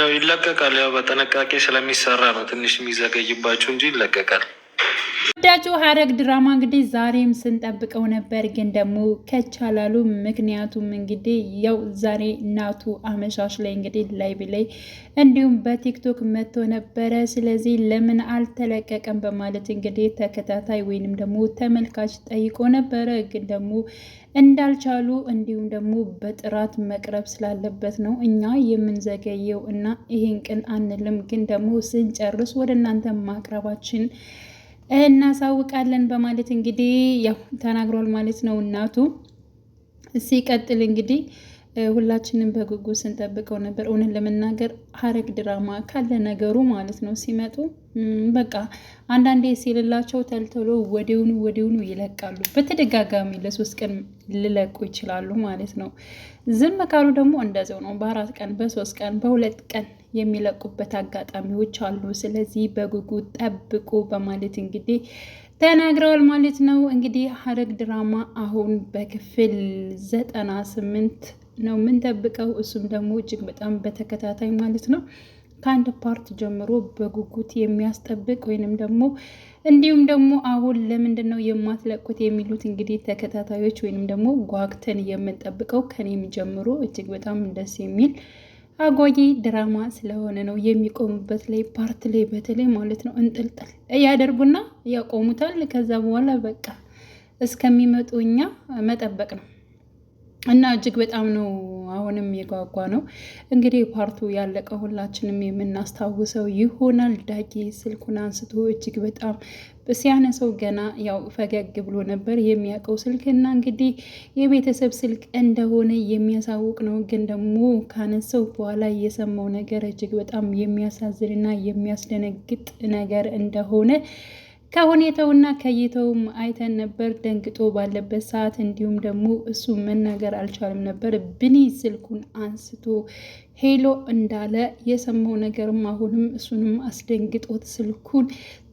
ያው ይለቀቃል። ያው በጥንቃቄ ስለሚሰራ ነው ትንሽ የሚዘገይባቸው እንጂ ይለቀቃል። ተወዳጁ ሐረግ ድራማ እንግዲህ ዛሬም ስንጠብቀው ነበር፣ ግን ደግሞ ከቻላሉ ምክንያቱም እንግዲህ ያው ዛሬ ናቱ አመሻሽ ላይ እንግዲህ ላይ ላይ እንዲሁም በቲክቶክ መጥቶ ነበረ። ስለዚህ ለምን አልተለቀቀም በማለት እንግዲህ ተከታታይ ወይንም ደግሞ ተመልካች ጠይቆ ነበረ። ግን ደግሞ እንዳልቻሉ እንዲሁም ደግሞ በጥራት መቅረብ ስላለበት ነው እኛ የምንዘገየው እና ይህን ቅን አንልም፣ ግን ደግሞ ስንጨርስ ወደ እናንተ ማቅረባችን እናሳውቃለን በማለት እንግዲህ ያው ተናግሯል ማለት ነው እናቱ። ሲቀጥል እንግዲህ ሁላችንም በጉጉ ስንጠብቀው ነበር። እውነት ለመናገር ሐረግ ድራማ ካለ ነገሩ ማለት ነው ሲመጡ በቃ አንዳንዴ ሲልላቸው ተልተሎ ወዲውኑ ወዲውኑ ይለቃሉ። በተደጋጋሚ ለሶስት ቀን ሊለቁ ይችላሉ ማለት ነው። ዝም ካሉ ደግሞ እንደዚው ነው። በአራት ቀን፣ በሶስት ቀን፣ በሁለት ቀን የሚለቁበት አጋጣሚዎች አሉ። ስለዚህ በጉጉት ጠብቁ በማለት እንግዲህ ተናግረዋል ማለት ነው። እንግዲህ ሐረግ ድራማ አሁን በክፍል ዘጠና ስምንት ነው የምንጠብቀው። እሱም ደግሞ እጅግ በጣም በተከታታይ ማለት ነው ከአንድ ፓርት ጀምሮ በጉጉት የሚያስጠብቅ ወይንም ደግሞ እንዲሁም ደግሞ አሁን ለምንድን ነው የማትለቁት የሚሉት እንግዲህ ተከታታዮች ወይንም ደግሞ ጓግተን የምንጠብቀው ከኔም ጀምሮ እጅግ በጣም ደስ የሚል አጓጊ ድራማ ስለሆነ ነው የሚቆሙበት ላይ ፓርት ላይ በተለይ ማለት ነው እንጥልጥል እያደርጉና ያቆሙታል። ከዛ በኋላ በቃ እስከሚመጡ እኛ መጠበቅ ነው እና እጅግ በጣም ነው አሁንም የጓጓ ነው። እንግዲህ ፓርቱ ያለቀ ሁላችንም የምናስታውሰው ይሆናል። ዳጊ ስልኩን አንስቶ እጅግ በጣም ሲያነሰው ገና ያው ፈገግ ብሎ ነበር። የሚያውቀው እና እንግዲህ የቤተሰብ ስልክ እንደሆነ የሚያሳውቅ ነው። ግን ደግሞ ካነሰው በኋላ የሰማው ነገር እጅግ በጣም የሚያሳዝንና የሚያስደነግጥ ነገር እንደሆነ ከሁኔታውና ከእይታውም አይተን ነበር። ደንግጦ ባለበት ሰዓት እንዲሁም ደግሞ እሱ መናገር አልቻለም ነበር። ብኒ ስልኩን አንስቶ ሄሎ እንዳለ የሰማው ነገርም አሁንም እሱንም አስደንግጦት ስልኩን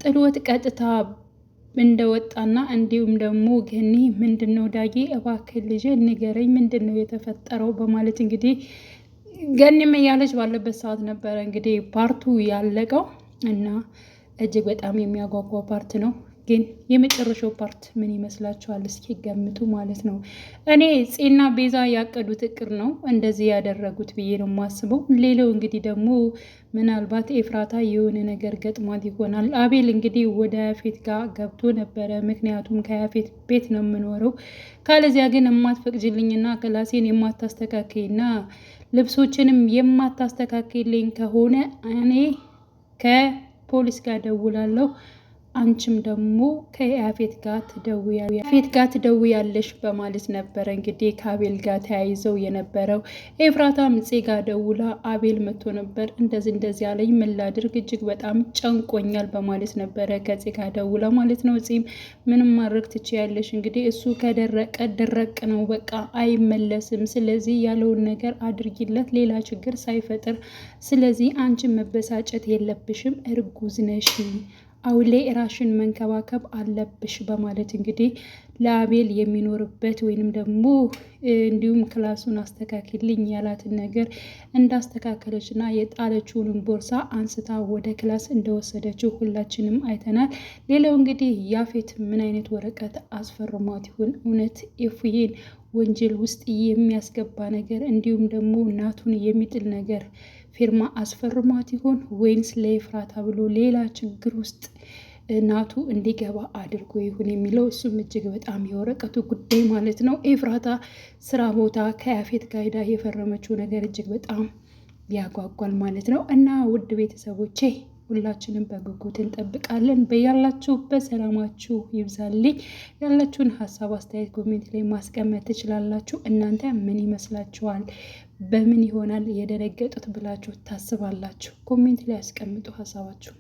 ጥሎት ቀጥታ እንደወጣና እንዲሁም ደግሞ ገኒ ምንድን ነው ዳጊ እባክህ ልጄ ንገረኝ፣ ምንድን ነው የተፈጠረው በማለት እንግዲህ ገኒም እያለች ባለበት ሰዓት ነበረ እንግዲህ ፓርቱ ያለቀው እና እጅግ በጣም የሚያጓጓ ፓርት ነው። ግን የመጨረሻው ፓርት ምን ይመስላችኋል? እስኪ ገምቱ ማለት ነው። እኔ ፄና ቤዛ ያቀዱት እቅድ ነው እንደዚህ ያደረጉት ብዬ ነው የማስበው። ሌላው እንግዲህ ደግሞ ምናልባት ኤፍራታ የሆነ ነገር ገጥሟት ይሆናል። አቤል እንግዲህ ወደ ያፌት ጋር ገብቶ ነበረ። ምክንያቱም ከያፌት ቤት ነው የምኖረው፣ ካለዚያ ግን የማትፈቅጅልኝና ክላሴን የማታስተካከይና ልብሶችንም የማታስተካከይልኝ ከሆነ እኔ ከ ፖሊስ ጋር ደውላለሁ አንቺም ደግሞ ከያፌት ጋር ትደውያለሽ ያፌት ጋር ትደውያለሽ በማለት ነበረ እንግዲህ ከአቤል ጋር ተያይዘው የነበረው። ኤፍራታ ምፄ ጋር ደውላ አቤል መጥቶ ነበር እንደዚህ እንደዚህ ያለኝ ምን ላድርግ፣ እጅግ በጣም ጨንቆኛል በማለት ነበረ ከፄ ጋር ደውላ ማለት ነው። ፂም ምንም ማድረግ ትችያለሽ እንግዲህ እሱ ከደረቀ ድረቅ ነው፣ በቃ አይመለስም። ስለዚህ ያለውን ነገር አድርጊለት፣ ሌላ ችግር ሳይፈጥር። ስለዚህ አንቺን መበሳጨት የለብሽም፣ እርጉዝ ነሽ አውሌ ራሽን መንከባከብ አለብሽ በማለት እንግዲህ ለአቤል የሚኖርበት ወይንም ደግሞ እንዲሁም ክላሱን አስተካክልኝ ያላትን ነገር እንዳስተካከለች እና የጣለችውንም ቦርሳ አንስታ ወደ ክላስ እንደወሰደችው ሁላችንም አይተናል። ሌላው እንግዲህ ያፌት ምን አይነት ወረቀት አስፈርሟት ይሆን? እውነት ኤፉዬን ወንጀል ውስጥ የሚያስገባ ነገር እንዲሁም ደግሞ ናቱን የሚጥል ነገር ፊርማ አስፈርሟት ይሆን ወይንስ ለኤፍራታ ብሎ ሌላ ችግር ውስጥ እናቱ እንዲገባ አድርጎ ይሁን የሚለው እሱም እጅግ በጣም የወረቀቱ ጉዳይ ማለት ነው። ኤፍራታ ስራ ቦታ ከያፌት ጋይዳ የፈረመችው ነገር እጅግ በጣም ያጓጓል ማለት ነው። እና ውድ ቤተሰቦቼ ሁላችንም በጉጉት እንጠብቃለን። በያላችሁ በሰላማችሁ ይብዛልኝ። ያላችሁን ሀሳብ አስተያየት፣ ኮሜንት ላይ ማስቀመጥ ትችላላችሁ። እናንተ ምን ይመስላችኋል? በምን ይሆናል የደነገጡት ብላችሁ ታስባላችሁ? ኮሜንት ላይ ያስቀምጡ ሀሳባችሁ።